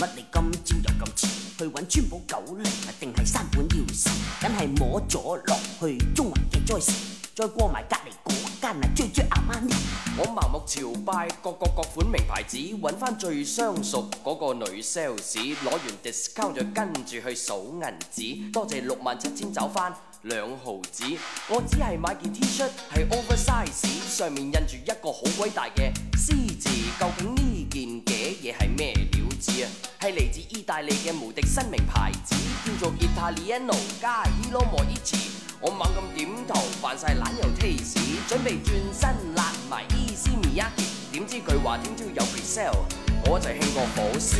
乜你今朝又咁遲去揾川保久鈴啊？定係山本耀司？緊係摸咗落去中環嘅災市，再過埋隔離嗰間啊，朱朱阿媽呢？我盲目朝拜各個各款名牌子，揾翻最相熟嗰個女 sales，攞完 discount 就跟住去數銀紙，多謝六萬七千找翻兩毫紙。我只係買件 T-shirt，係 oversize，上面印住一個好鬼大嘅 C 字，究竟呢？嘅嘢係咩料子啊？係嚟自意大利嘅無敵新名牌子，叫做意大利諾加爾莫伊斯。我猛咁點頭，扮晒懶油 taste，準備轉身辣埋伊絲米亞。點知佢話聽朝有 sell，我就興過好事。